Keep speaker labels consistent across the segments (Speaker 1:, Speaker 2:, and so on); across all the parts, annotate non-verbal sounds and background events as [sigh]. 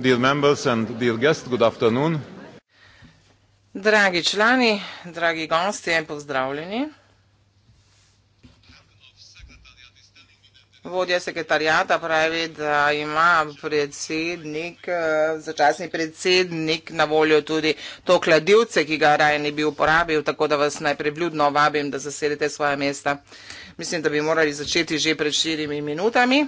Speaker 1: dear members and dear guests, good afternoon.
Speaker 2: Dragi člani, dragi gostje, pozdravljeni. Vodja sekretarjata pravi, da ima predsednik, začasni predsednik na voljo tudi to kladivce, ki ga raje ni bi uporabil, tako da vas najprej vljudno vabim, da zasedete svoje mesta. Mislim, da bi morali začeti že pred štirimi minutami.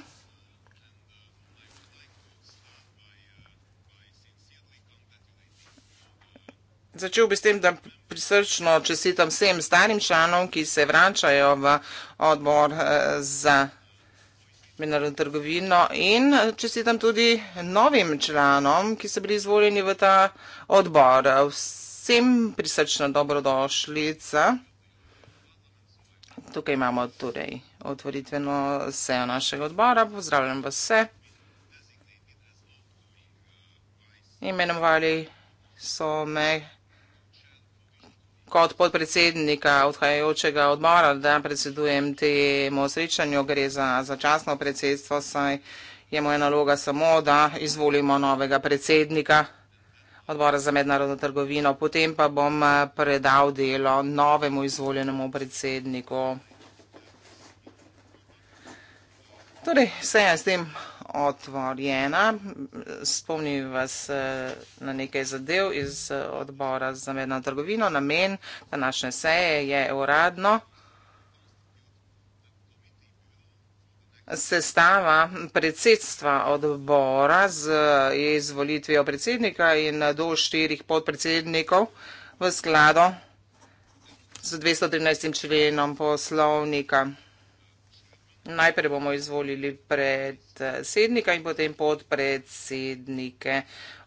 Speaker 2: Začel bi s tem, da prisrčno čestitam vsem starim članom, ki se vračajo v odbor eh, za mednarodno trgovino in čestitam tudi novim članom, ki so bili izvoljeni v ta odbor. Vsem prisrčna dobrodošljica. Tukaj imamo torej otvoritveno sejo našega odbora. Pozdravljam vas vse. Imenovali so me kot podpredsednika odhajajočega odbora, da predsedujem temu srečanju, gre za začasno predsedstvo, saj je moja naloga samo, da izvolimo novega predsednika odbora za mednarodno trgovino, potem pa bom eh, predal delo novemu izvoljenemu predsedniku. Torej, seja s tem otvorjena. Spomnim vas na nekaj zadev iz odbora za medno trgovino. Namen današnje seje je uradno sestava predsedstva odbora z izvolitvijo predsednika in do štirih podpredsednikov v skladu z 213. členom poslovnika. Najprej bomo izvolili predsednika in potem podpredsednike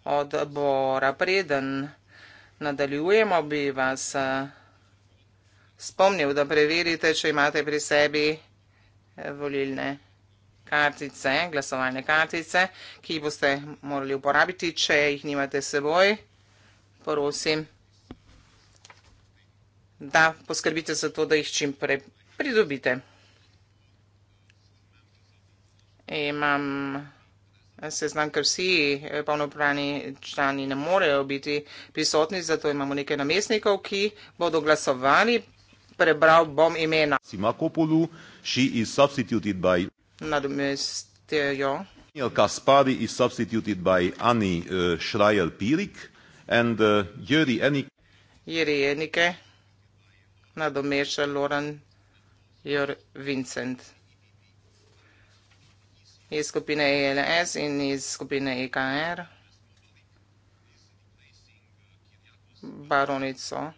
Speaker 2: odbora. Preden nadaljujemo, bi vas eh, spomnil, da preverite, če imate pri sebi eh, volilne kartice, glasovalne kartice, ki jih boste morali uporabiti, če jih nimate seboj. Prosim, da poskrbite za to, da jih čim prej pridobite imam seznam, ker vsi eh, polnopravni člani ne morejo biti prisotni, zato imamo nekaj namestnikov, ki bodo glasovali. Prebral bom imena.
Speaker 1: Sima Kopulu, she is substituted by.
Speaker 2: Nadomestijo.
Speaker 1: Daniel Kaspari is substituted by Ani uh, eh, Schreier Pirik and uh, eh, Jiri Enik.
Speaker 2: Jiri Enike. Nadomešal Loran Jor Vincent iz skupine ELS in iz skupine EKR baronico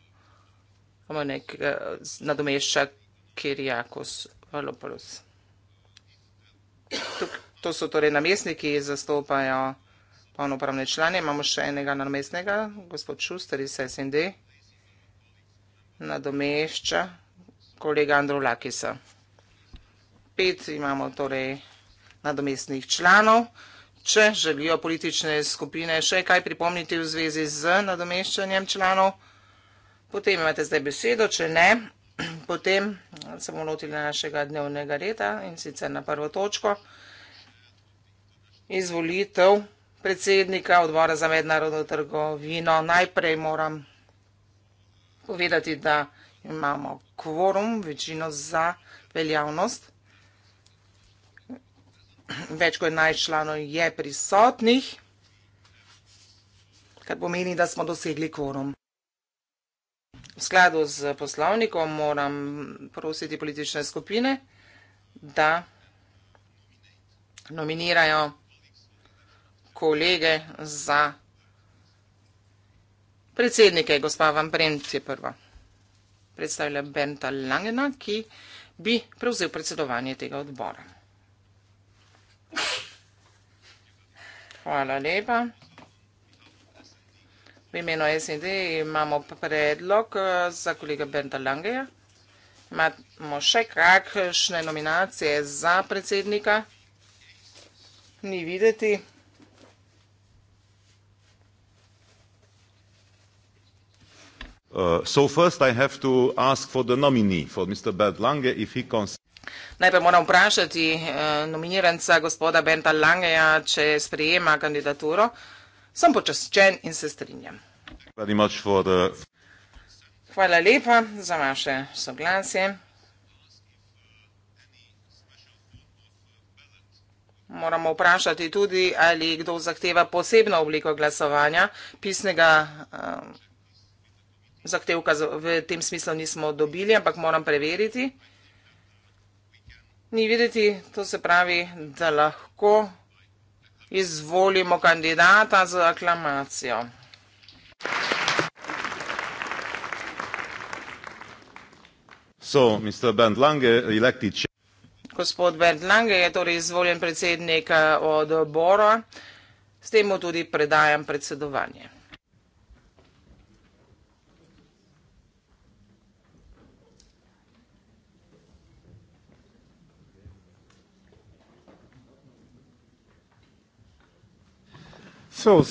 Speaker 2: nek, eh, nadomešča Kirjakos Valopolos. To so torej namestniki, ki zastopajo polnopravne člane. Imamo še enega namestnega, gospod Šuster iz SND, nadomešča kolega Andro Lakisa. Pet imamo torej nadomestnih članov. Če želijo politične skupine še kaj pripomniti v zvezi z nadomeščanjem članov, potem imate zdaj besedo, če ne, [clears throat] potem se bomo lotili našega dnevnega reda in sicer na prvo točko izvolitev predsednika odbora za mednarodno trgovino. Najprej moram povedati, da imamo kvorum, večino za veljavnost več kot 11 članov je prisotnih, kar pomeni, da smo dosegli kvorum. V skladu z poslovnikom moram prositi politične skupine, da nominirajo kolege za predsednike. Gospa Van Brent je prva. Predstavlja Benta Langena, ki bi prevzel predsedovanje tega odbora. Hvala lepa. V imenu SND imamo predlog eh, za kolega Bernda Langeja. Imamo še kakšne nominacije za predsednika? Ni videti.
Speaker 1: Uh, so first I have to ask for the nominee, for Mr. Bert Lange, if he cons
Speaker 2: Najprej moram vprašati eh, nominiranca gospoda Benta Langeja, če sprejema kandidaturo. Sem počaščen in se strinjam. Hvala lepa za vaše soglasje. Moramo vprašati tudi, ali kdo zahteva posebno obliko glasovanja. Pisnega um, zahtevka v tem smislu nismo dobili, ampak moram preveriti ni videti, to se pravi, da lahko izvolimo kandidata za aklamacijo. So, Gospod Bernd Lange je torej izvoljen predsednik eh, odbora, s tem mu tudi predajam predsedovanje. Uh,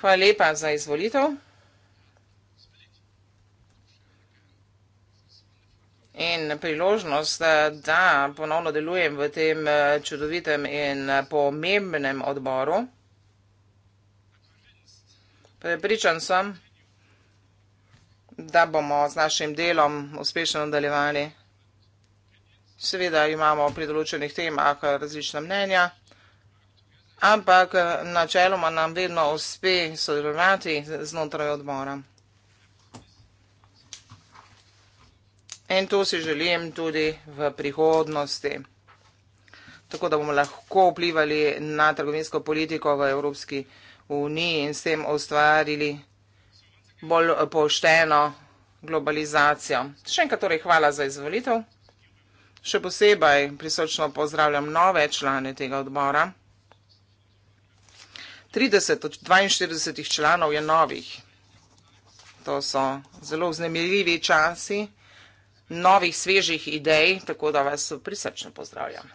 Speaker 2: Hvala lepa za izvolitev. In priložnost, da ponovno delujem v tem uh, čudovitem in uh, pomembnem odboru. Prepričan sem, da bomo z našim delom uspešno nadaljevali. Seveda imamo pri določenih temah različna mnenja, ampak načeloma nam vedno uspe sodelovati znotraj odmora. In to si želim tudi v prihodnosti, tako da bomo lahko vplivali na trgovinsko politiko v Evropski uniji in s tem ustvarili bolj pošteno globalizacijo. Še enkrat torej hvala za izvolitev. Še posebej prisrčno pozdravljam nove člane tega odbora. 30 od 42 članov je novih. To so zelo vznemirljivi časi novih svežih idej, tako da vas prisrčno pozdravljam.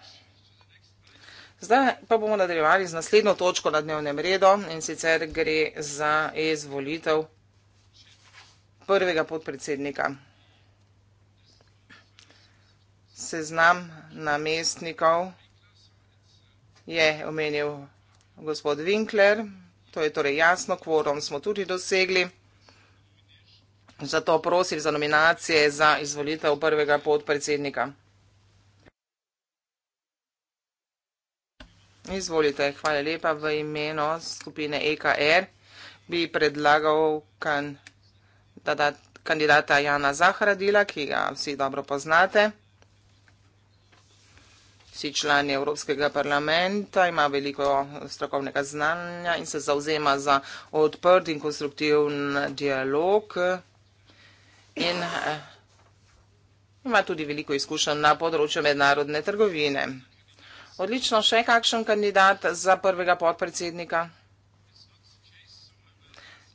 Speaker 2: Zdaj pa bomo nadaljevali z naslednjo točko na dnevnem redu in sicer gre za izvolitev prvega podpredsednika seznam namestnikov je omenil gospod Winkler, to je torej jasno, kvorom smo tudi dosegli. Zato prosim za nominacije za izvolitev prvega podpredsednika. Izvolite, hvala lepa v imeno skupine EKR. Bi predlagal kandidata Jana Zahradila, ki ga vsi dobro poznate. Vsi člani Evropskega parlamenta ima veliko strokovnega znanja in se zauzema za odprt in konstruktivn dialog in eh, ima tudi veliko izkušenj na področju mednarodne trgovine. Odlično, še kakšen kandidat za prvega podpredsednika?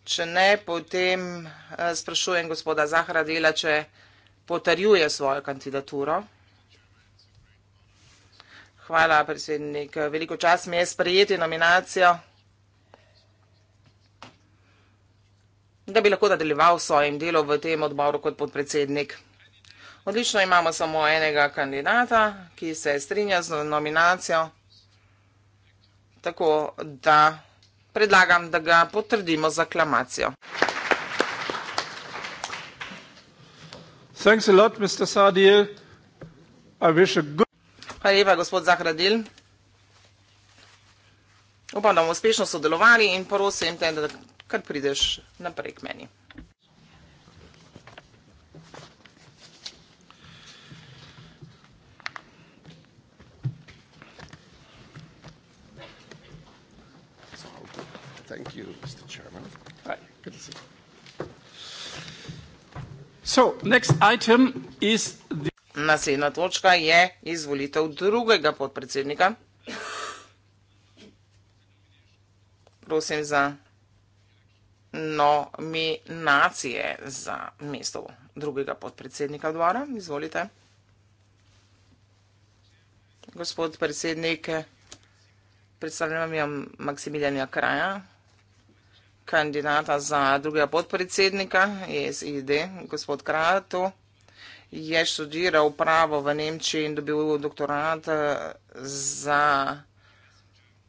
Speaker 2: Če ne, potem eh, sprašujem gospoda Zahradela, če potrjuje svojo kandidaturo. Hvala, predsednik. Veliko čas mi je sprejeti nominacijo, da bi lahko nadaljeval svojim delom v tem odboru kot podpredsednik. Odlično imamo samo enega kandidata, ki se strinja z nominacijo, tako da predlagam, da ga potrdimo z aklamacijo.
Speaker 3: Thanks a lot, Mr. Sadiel. I wish a good
Speaker 2: Hvala lepa, gospod Zahradil. Upam, da bomo uspešno sodelovali in prosim te, da kar prideš naprej k meni.
Speaker 3: Thank you, Mr. Chairman.
Speaker 2: Hi, good to see you. So, next item is the Naslednja točka je izvolitev drugega podpredsednika. Prosim za nominacije za mesto drugega podpredsednika odbora. Izvolite. Gospod predsednik, predstavljam vam Maksimiljana Kraja, kandidata za drugega podpredsednika, SID, gospod Kratu je študiral pravo v Nemčiji in dobil doktorat eh, za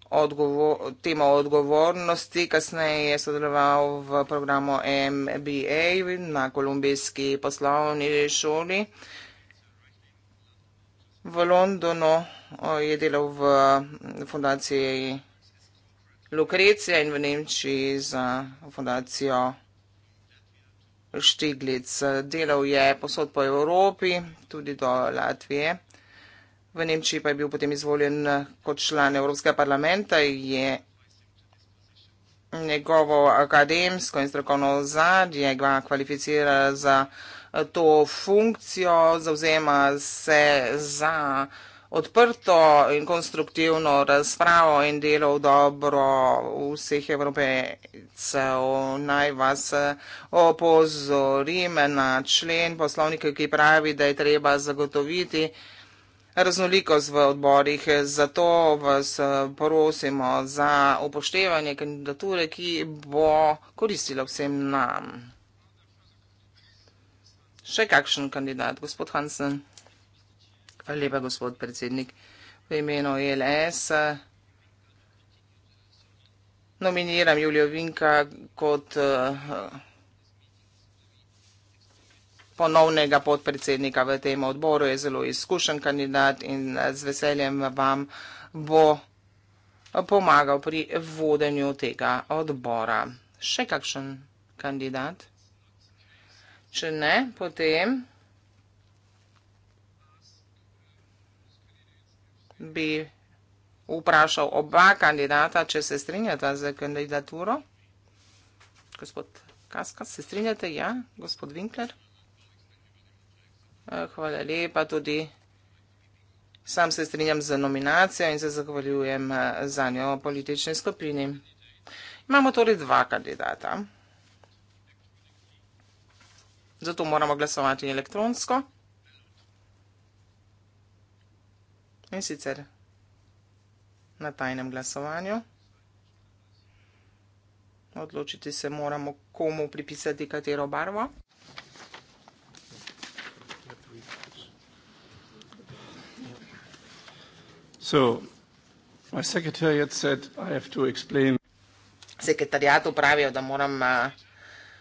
Speaker 2: odgovor, temo odgovornosti. Kasneje je sodeloval v programu MBA na kolumbijski poslovni šoli. V Londonu eh, je delal v mm, fundaciji Lukrecija in v Nemčiji za fundacijo Lukrecija. Štiglic. Delal je posod po Evropi, tudi do Latvije. V Nemčiji pa je bil potem izvoljen kot član Evropskega parlamenta. Je njegovo akademsko in strokovno ozadje ga kvalificira za to funkcijo, zauzema se za uh, odprto in konstruktivno razpravo in delo v dobro vseh evropejcev. Naj vas eh, opozorim na člen poslovnika, ki pravi, da je treba zagotoviti raznolikost v odborih. Zato vas eh, prosimo za upoštevanje kandidature, ki bo koristila vsem nam. Še kakšen kandidat, gospod Hansen? Hvala lepa, gospod predsednik. V imenu ELS nominiram Julijo Vinka kot eh, ponovnega podpredsednika v tem odboru. Je zelo izkušen kandidat in eh, z veseljem vam bo pomagal pri vodenju tega odbora. Še kakšen kandidat? Če ne, potem. bi vprašal oba kandidata, če se strinjata za kandidaturo. Gospod Kaskas, se strinjate? Ja, gospod Winkler. Eh, hvala lepa tudi. Sam se strinjam za nominacijo in se zahvaljujem eh, za njo politični skupini. Imamo torej dva kandidata. Zato moramo glasovati elektronsko. in sicer na tajnem glasovanju. Odločiti se moramo, komu pripisati katero barvo.
Speaker 3: So, my secretariat said I have to explain.
Speaker 2: Sekretariatu pravijo, da moram uh,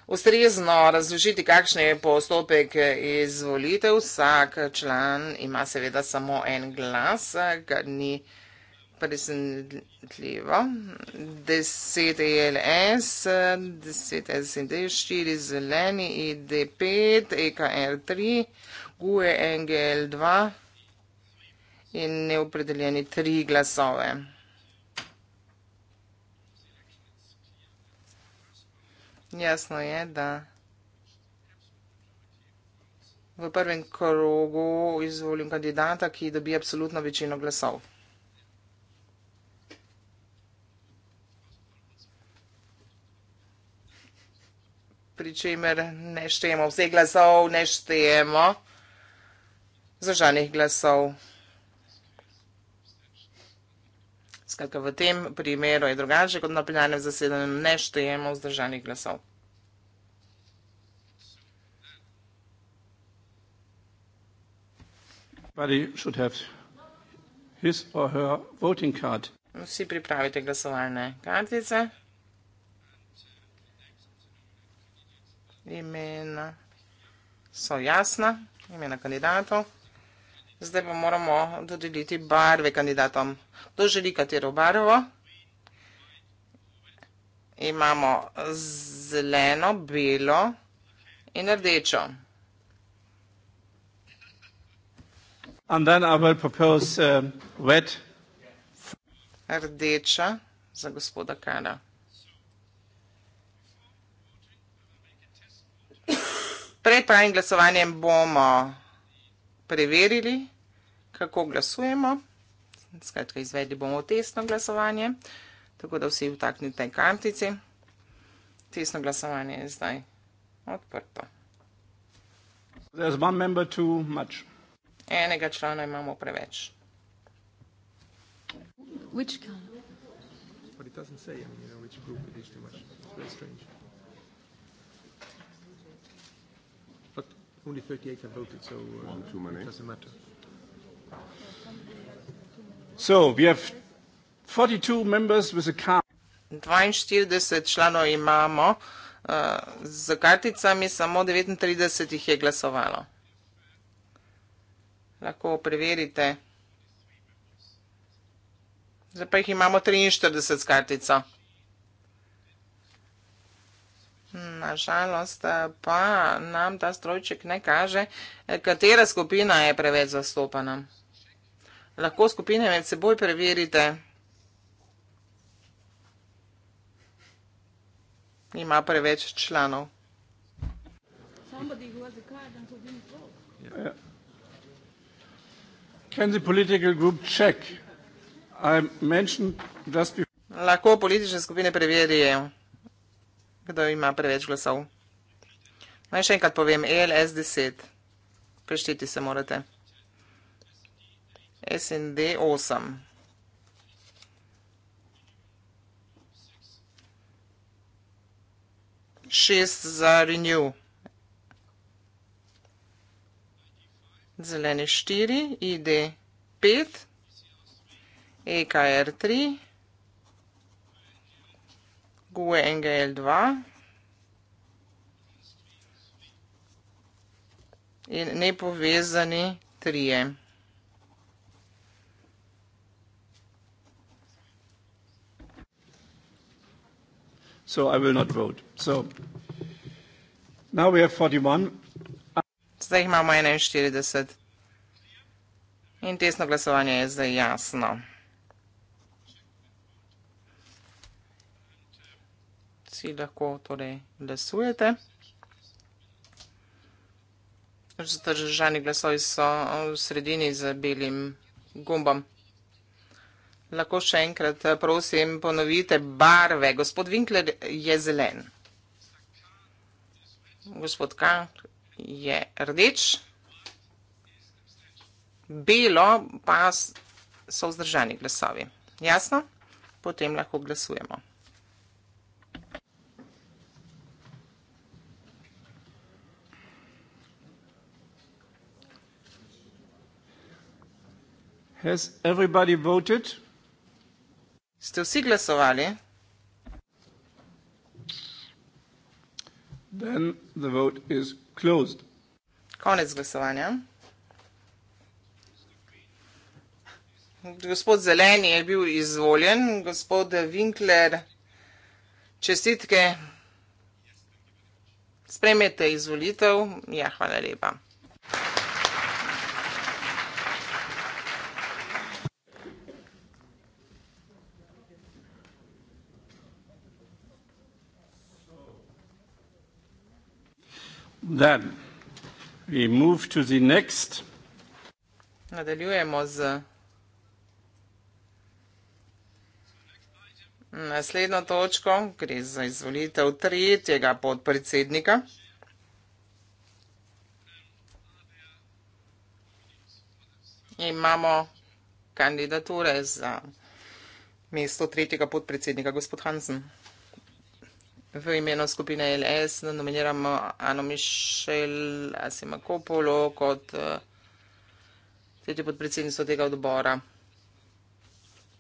Speaker 2: ustrezno razložiti, kakšen je postopek izvolitev. Vsak član ima seveda samo en glas, kar ni presenetljivo. 10 ELS, 10 SND, 4 zeleni, ID5, EKR3, GUE, NGL2 in neopredeljeni tri glasove. Jasno je, da v prvem krogu izvolim kandidata, ki dobi absolutno večino glasov. Pričemer ne štejemo vseh glasov, ne štejemo zažanih glasov. Skratka, v tem primeru je drugače kot na plenarnem zasedanju, ne štejemo vzdržanih glasov. Vsi pripravite glasovalne kartice. Imena so jasna, imena kandidatov. Zdaj pa moramo dodeliti barve kandidatom. Kdo želi katero barvo? Imamo zeleno, belo in rdečo.
Speaker 3: And then I will propose, uh, red.
Speaker 2: Rdeča za gospoda Kana. Pred pravim glasovanjem bomo preverili kako glasujemo. Skratka, izvedli bomo testno glasovanje, tako da vsi vtaknite kartici. Testno glasovanje je zdaj odprto. Enega člana imamo preveč. Which But it doesn't say, I mean, you know, which group it is too much. It's very strange.
Speaker 1: But only 38 have voted, so uh, One too many. it doesn't matter.
Speaker 3: 42
Speaker 2: članov imamo, eh, z karticami samo 39 jih je glasovalo. Lahko preverite. Zdaj pa jih imamo 43 s kartico. Nažalost eh, pa nam ta strojček ne kaže, eh, katera skupina je preveč zastopana lahko skupine med seboj preverite. Ima preveč članov. Lahko politične skupine preverijo, kdo ima preveč glasov. Naj še enkrat povem, ELS 10. Preštiti se morate. SND8. Šest za renew. Zelene štiri, ID pet, EKR tri, GUE NGL dva in nepovezani trije. Zdaj imamo enainštirideset. In testno glasovanje je zdaj jasno. Vsi lahko torej glasujete. Zdržani glasovi so v sredini z belim gumbom. Lahko še enkrat, eh, prosim, ponovite barve. Gospod Winkler je zelen. Gospod K je rdeč. Belo pa so vzdržani glasovi. Jasno? Potem lahko glasujemo.
Speaker 3: Has everybody voted?
Speaker 2: Ste vsi glasovali? Then the vote is closed. Konec glasovanja. Gospod Zeleni je bil izvoljen. Gospod Winkler, čestitke. Spremete izvolitev. Ja, hvala lepa.
Speaker 3: dan. We move to the next.
Speaker 2: Nadaljujemo z naslednjo točko, gre za izvolitev tretjega podpredsednika. Imamo kandidature za mesto tretjega podpredsednika, gospod Hansen. V imenu skupine LS nominiramo Ano Mišel Asimakopolo kot eh, tretjo podpredsednico tega odbora.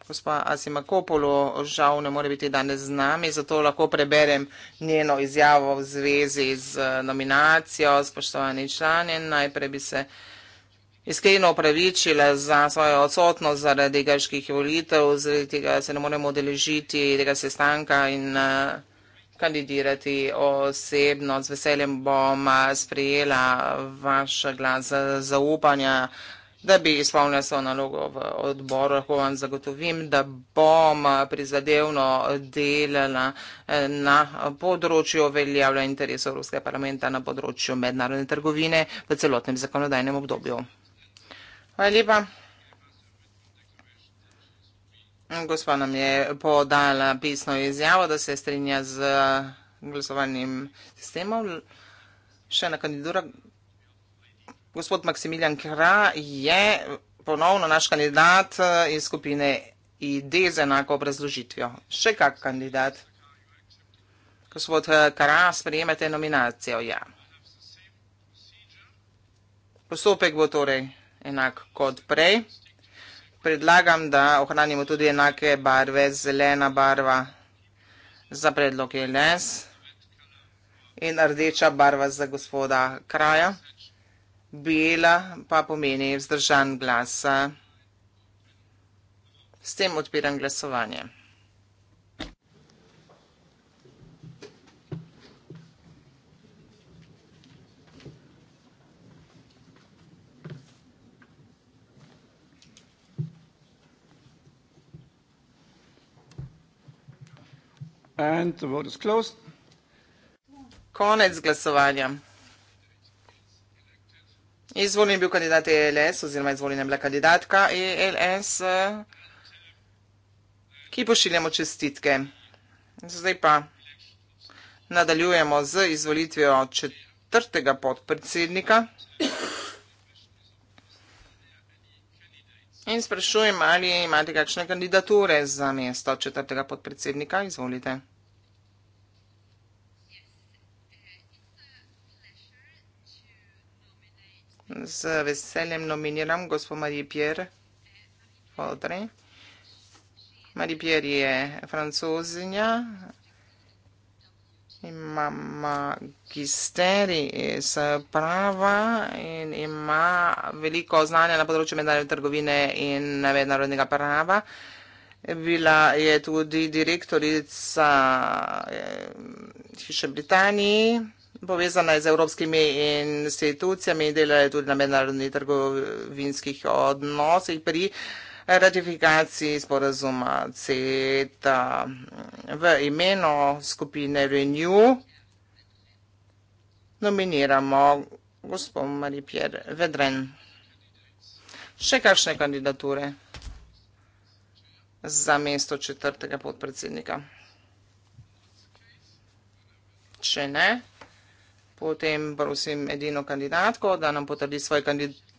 Speaker 2: Gospa Asimakopolo žal ne more biti danes z nami, zato lahko preberem njeno izjavo v zvezi z eh, nominacijo. Spoštovani člani, najprej bi se iskreno opravičila za svojo odsotnost zaradi grških volitev, zaradi tega se ne moremo odeležiti tega sestanka in eh, kandidirati osebno. Z veseljem bom sprejela vaš glas zaupanja, da bi izpolnila svojo nalogo v odboru. Lahko vam zagotovim, da bom prizadevno delala e, na področju uveljavljanja interesov Evropskega parlamenta na področju mednarodne trgovine v celotnem zakonodajnem obdobju. Hvala lepa. Gospa nam je podala pisno izjavo, da se strinja z eh, glasovalnim sistemom. Še ena kandidatura. Gospod Maksimilijan Kra je ponovno naš kandidat eh, iz skupine ID z enako obrazložitvijo. Še kak kandidat? Gospod eh, Kra, sprejemate nominacijo? Ja. Postopek bo torej enak kot prej predlagam, da ohranimo tudi enake barve, zelena barva za predlog LS in rdeča barva za gospoda kraja, bela pa pomeni vzdržan glas. S tem odpiram glasovanje. And the vote is closed. Konec glasovanja. Izvoljen je bil kandidat ELS oziroma izvoljen je bila kandidatka ELS, ki pošiljamo čestitke. Zdaj pa nadaljujemo z izvolitvijo četrtega podpredsednika. In sprašujem, ali imate kakšne kandidature za mesto četrtega podpredsednika? Izvolite. Z veseljem nominiram gospod Marie-Pierre Fodre. Marie-Pierre je francozinja, ima magisteri iz eh, prava in ima veliko znanja na področju mednarodne trgovine in mednarodnega prava. Bila je tudi direktorica eh, Hiše Britanije, povezana je z evropskimi institucijami in delala je tudi na mednarodnih trgovinskih odnosih pri ratifikaciji sporazuma CETA mm, v imenu skupine Renew nominiramo gospod Marie-Pierre Vedren. Še kakšne kandidature za mesto četrtega podpredsednika? Če ne, potem prosim edino kandidatko, da nam potrdi svoj kandidat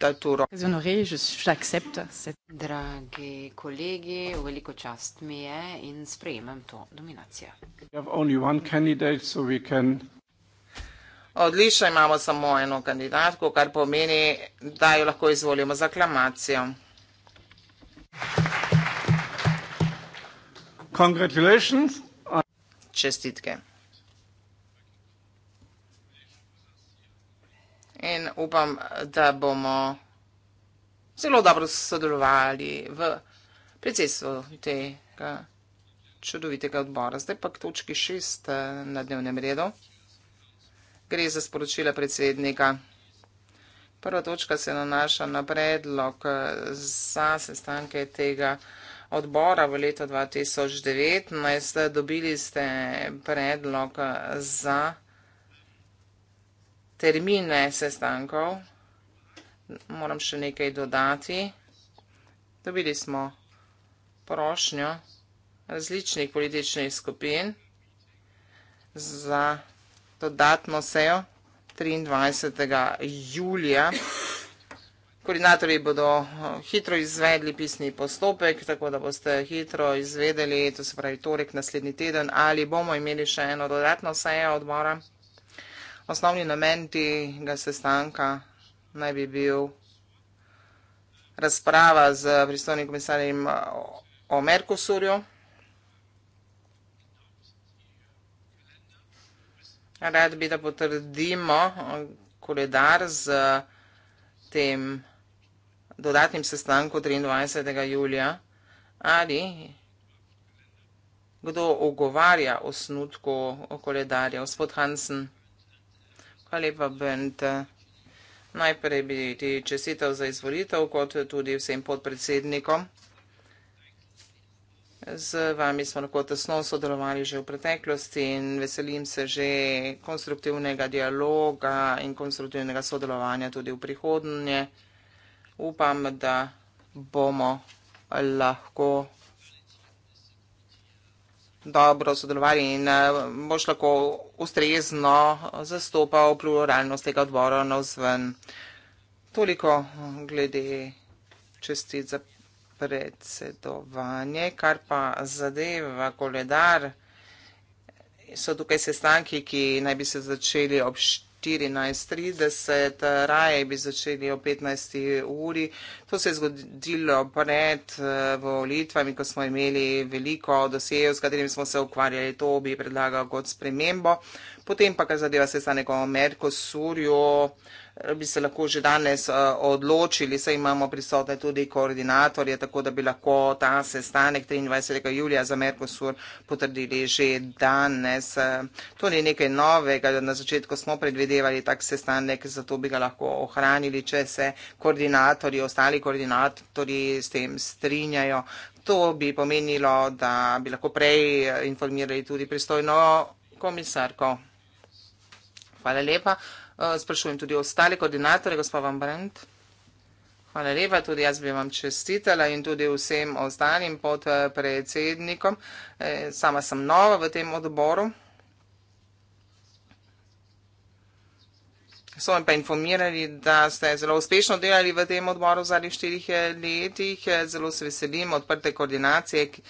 Speaker 2: diktaturo.
Speaker 1: Dragi kolegi, veliko čast mi je in sprejemam to dominacijo.
Speaker 2: Odlično, imamo samo eno kandidatko, kar pomeni, da jo lahko izvolimo za aklamacijo.
Speaker 3: Čestitke.
Speaker 2: in upam, da bomo zelo dobro sodelovali v predsedstvu tega čudovitega odbora. Zdaj pa k točki šest eh, na dnevnem redu. Gre za sporočila predsednika. Prva točka se nanaša na predlog eh, za sestanke tega odbora v letu 2019. Dobili ste predlog eh, za termine sestankov. Moram še nekaj dodati. Dobili smo prošnjo različnih političnih skupin za dodatno sejo 23. julija. Koordinatorji bodo eh, hitro izvedli pisni postopek, tako da boste hitro izvedeli, to se pravi torek naslednji teden, ali bomo imeli še eno dodatno sejo odmora. Osnovni namen tega sestanka naj bi bil razprava z pristojnim komisarjem o Merkosurju. Rad bi, da potrdimo koledar z tem dodatnim sestankom 23. julija. Ali kdo ogovarja osnutku koledarja? Gospod Hansen. Hvala lepa, Bent. Najprej bi ti čestitev za izvolitev, kot tudi vsem podpredsednikom. Z vami smo lahko tesno sodelovali že v preteklosti in veselim se že konstruktivnega dialoga in konstruktivnega sodelovanja tudi v prihodnje. Upam, da bomo lahko dobro sodelovali in eh, boš lahko ustrezno zastopal pluralnost tega odbora na vzven. Toliko eh, glede čestit za predsedovanje, kar pa zadeva koledar. So tukaj sestanki, ki naj bi se začeli ob 14.30, raje bi začeli o 15. uri. To se je zgodilo pred eh, volitvami, ko smo imeli veliko dosejev, s katerimi smo se ukvarjali, to bi predlagal kot spremembo. Potem pa, kar zadeva se stane o Merkosurju, Eh, bi se lahko že danes eh, odločili, saj imamo prisotne tudi koordinatorje, tako da bi lahko ta sestanek 23. julija za Merkosur potrdili že danes. Eh, to ni nekaj novega, na začetku smo predvidevali tak sestanek, zato bi ga lahko ohranili, če se koordinatorji, ostali koordinatorji s tem strinjajo. To bi pomenilo, da bi lahko prej informirali tudi pristojno komisarko. Hvala lepa. Eh, sprašujem tudi ostale koordinatore, gospod Van Brent. Hvala lepa, tudi jaz bi vam čestitala in tudi vsem ostalim pod predsednikom. Eh, sama sem nova v tem odboru. So me pa informirali, da ste zelo uspešno delali v tem odboru v zadnjih štirih eh, letih. Zelo se veselim odprte koordinacije, ki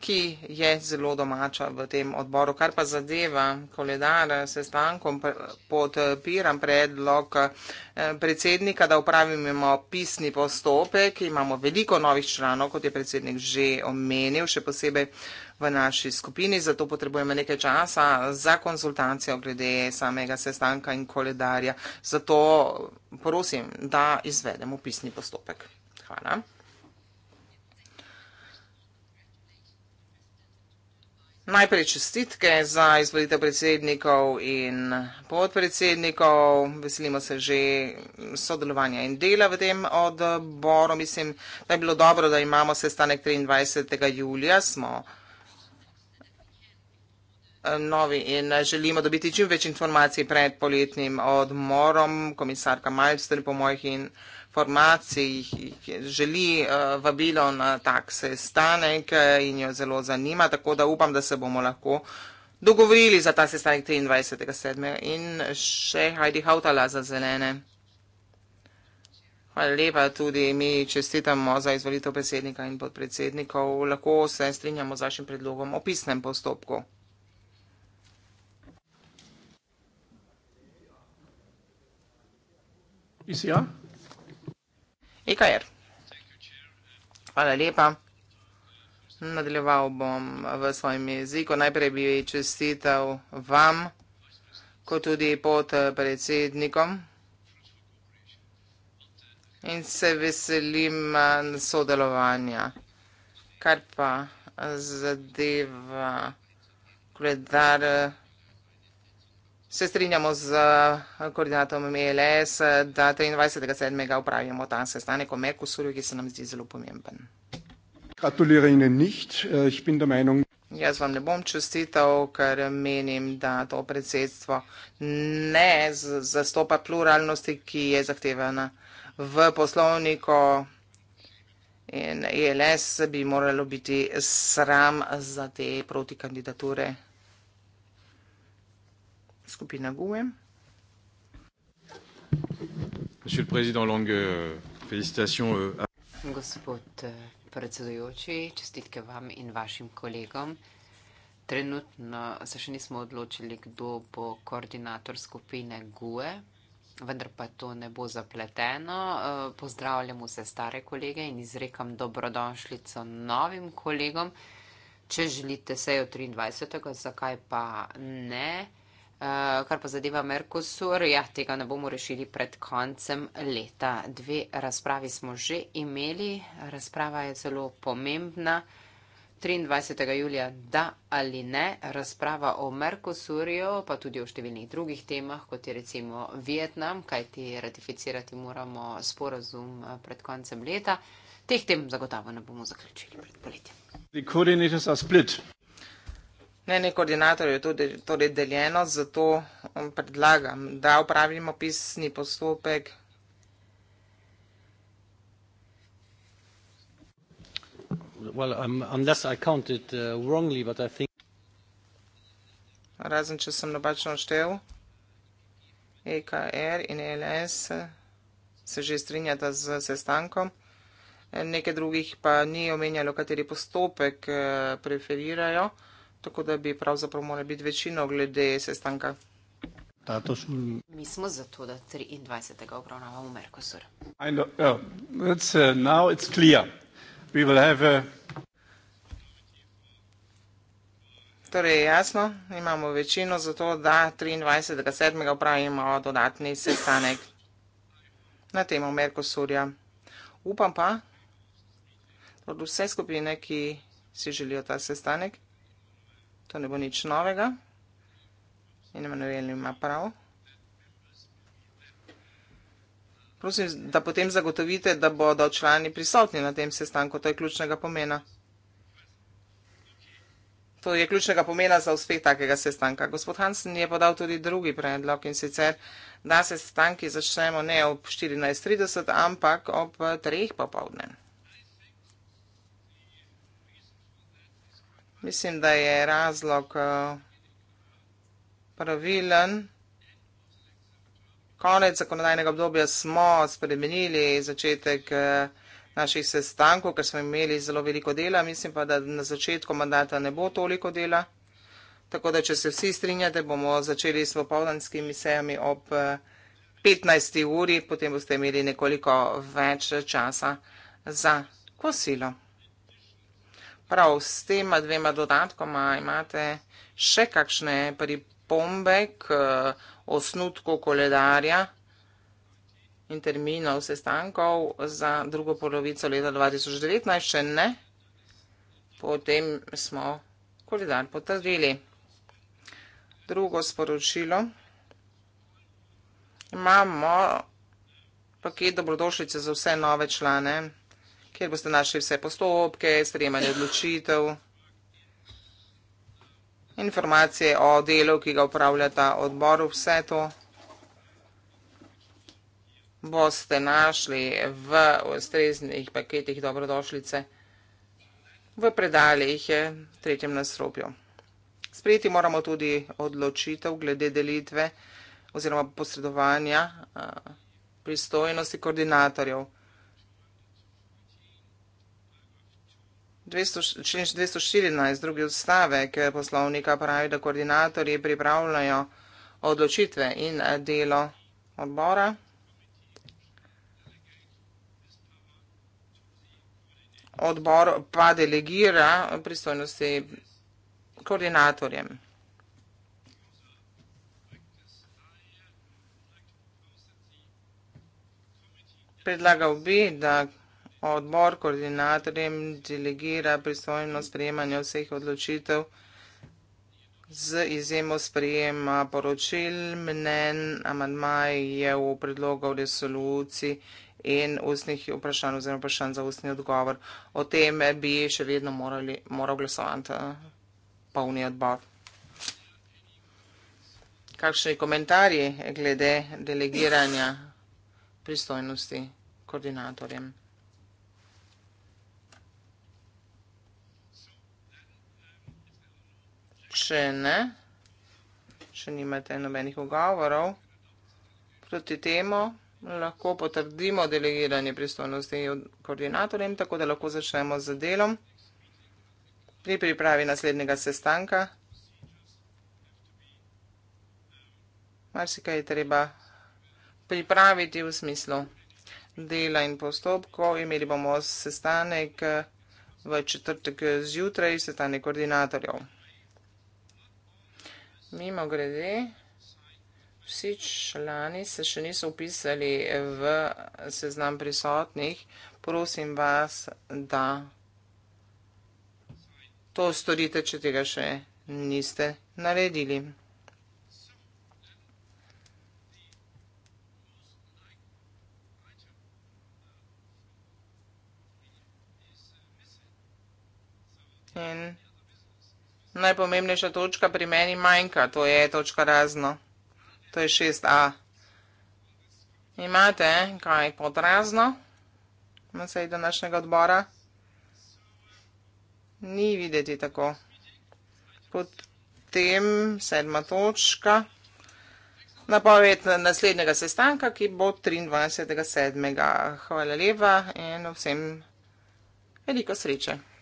Speaker 2: ki je zelo domača v tem odboru. Kar pa zadeva koledar se stankom, podpiram predlog eh, predsednika, da upravimo pisni postopek. Imamo veliko novih članov, kot je predsednik že omenil, še posebej v naši skupini, zato potrebujemo nekaj časa za konzultacijo glede samega sestanka in koledarja. Zato prosim, da izvedemo pisni postopek. Hvala. Najprej čestitke za izvolitev predsednikov in podpredsednikov. Veselimo se že sodelovanja in dela v tem odboru. Mislim, da je bilo dobro, da imamo sestanek 23. julija. Smo eh, novi in želimo dobiti čim več informacij pred poletnim odmorom. Komisarka Malmström po mojih in formacij želi eh, vabilo na tak sestanek eh, in jo zelo zanima, tako da upam, da se bomo lahko dogovorili za ta sestanek 23.7. In še Heidi Hautala za zelene. Hvala lepa tudi mi čestitamo za izvolitev predsednika in podpredsednikov. Lahko se strinjamo z vašim predlogom o pisnem postopku. Is he on? IKR. E Hvala lepa. Nadaljeval bom v svojem jeziku. Najprej bi čestitev vam, kot tudi pod predsednikom. In se veselim eh, sodelovanja. Kar pa zadeva koledar vsega, eh, Se strinjamo z eh, koordinatom MLS, e eh, da 23.7. upravimo ta sestanek o Mekusurju, ki se nam zdi zelo pomemben. Eh, Jaz vam ne bom čestital, ker menim, da to predsedstvo ne zastopa pluralnosti, ki je zahtevana v poslovniku. In ELS bi moralo biti sram za te protikandidature
Speaker 1: skupina GUE.
Speaker 3: Euh, euh,
Speaker 1: Gospod eh, predsedujoči, čestitke vam in vašim kolegom. Trenutno se še nismo odločili, kdo bo koordinator skupine GUE, vendar pa to ne bo zapleteno. Eh, pozdravljam vse stare kolege in izrekam dobrodošljico novim kolegom. Če želite sejo 23. zakaj pa ne, vsega. Eh, kar pa zadeva Merkosur, ja, tega ne bomo rešili pred koncem leta. Dve razpravi smo že imeli, razprava je zelo pomembna. 23. julija, da ali ne, razprava o Merkosurju, pa tudi o številnih drugih temah, kot je recimo Vietnam, kajti ratificirati moramo sporazum eh, pred koncem leta. Teh tem zagotovo ne bomo zaključili pred
Speaker 3: poletjem.
Speaker 1: Mnenje koordinatorjev je tudi torej deljeno,
Speaker 2: zato um, predlagam, da upravimo pisni postopek.
Speaker 1: Well, um, unless I counted uh, wrongly, but I think...
Speaker 2: Razen, če sem nabačno štev, EKR in ELS se že strinjata z sestankom. Nekaj drugih pa ni omenjalo, kateri postopek eh, preferirajo tako da bi pravzaprav morali biti večino glede sestanka.
Speaker 1: Mi smo zato, da 23. obravnavamo Merkosur.
Speaker 3: Oh, uh,
Speaker 2: torej, jasno, imamo večino za to, da 23.7. upravimo dodatni sestanek na temo Merkosurja. Upam pa, da vse skupine, ki si želijo ta sestanek, To ne bo nič novega. In Emanuel ima prav. Prosim, da potem zagotovite, da bodo člani prisotni na tem sestanku. To je ključnega pomena. To je ključnega pomena za uspeh takega sestanka. Gospod Hansen je podal tudi drugi predlog in sicer, da se sestanki začnemo ne ob 14.30, ampak ob 3.00 popovdne. mislim, da je razlog eh, pravilen. Konec zakonodajnega obdobja smo spremenili začetek eh, naših sestankov, ker smo imeli zelo veliko dela. Mislim pa, da na začetku mandata ne bo toliko dela. Tako da, če se vsi strinjate, bomo začeli s popovdanskimi sejami ob 15. Eh, uri, potem boste imeli nekoliko več časa za kosilo. Prav s tema dvema dodatkoma imate še kakšne pripombe k eh, osnutku koledarja in terminov sestankov za drugo polovico leta 2019, če ne, potem smo koledar potrdili. Drugo sporočilo. Imamo paket dobrodošljice za vse nove člane kjer boste našli vse postopke, sprejemanje odločitev, informacije o delu, ki ga upravljata odboru, vse to boste našli v ustreznih paketih dobrodošljice v predaljih tretjem nasropju. Sprejeti moramo tudi odločitev glede delitve oziroma posredovanja eh, pristojnosti koordinatorjev. člen 214, drugi odstavek poslovnika pravi, da koordinatorji pripravljajo odločitve in eh, delo odbora. Odbor pa delegira pristojnosti koordinatorjem. Predlagal bi, da koordinatorjem odbor koordinatorjem delegira pristojnost sprejemanja vseh odločitev z izjemo sprejema poročil, mnen, amadmaj je v predlogov resolucij in ustnih vprašanj oziroma vprašanj za ustni odgovor. O tem bi še vedno morali, moral glasovati eh, polni odbor. Kakšni komentarji glede delegiranja pristojnosti koordinatorjem? Če ne, če nimate nobenih ogovorov proti temu, lahko potrdimo delegiranje pristojnosti koordinatorjem, tako da lahko začnemo z delom pri pripravi naslednjega sestanka. Marsikaj je treba pripraviti v smislu dela in postopkov. Imeli bomo sestanek v četrtek zjutraj, sestanek koordinatorjev. Mimo grede, vsi člani se še niso upisali v seznam prisotnih. Prosim vas, da to storite, če tega še niste naredili. In najpomembnejša točka pri meni manjka, to je točka razno. To je 6a. Imate kaj pod razno na sej današnjega odbora? Ni videti tako. Potem sedma točka. Napoved naslednjega sestanka, ki bo 23.7. Hvala lepa in vsem veliko sreče.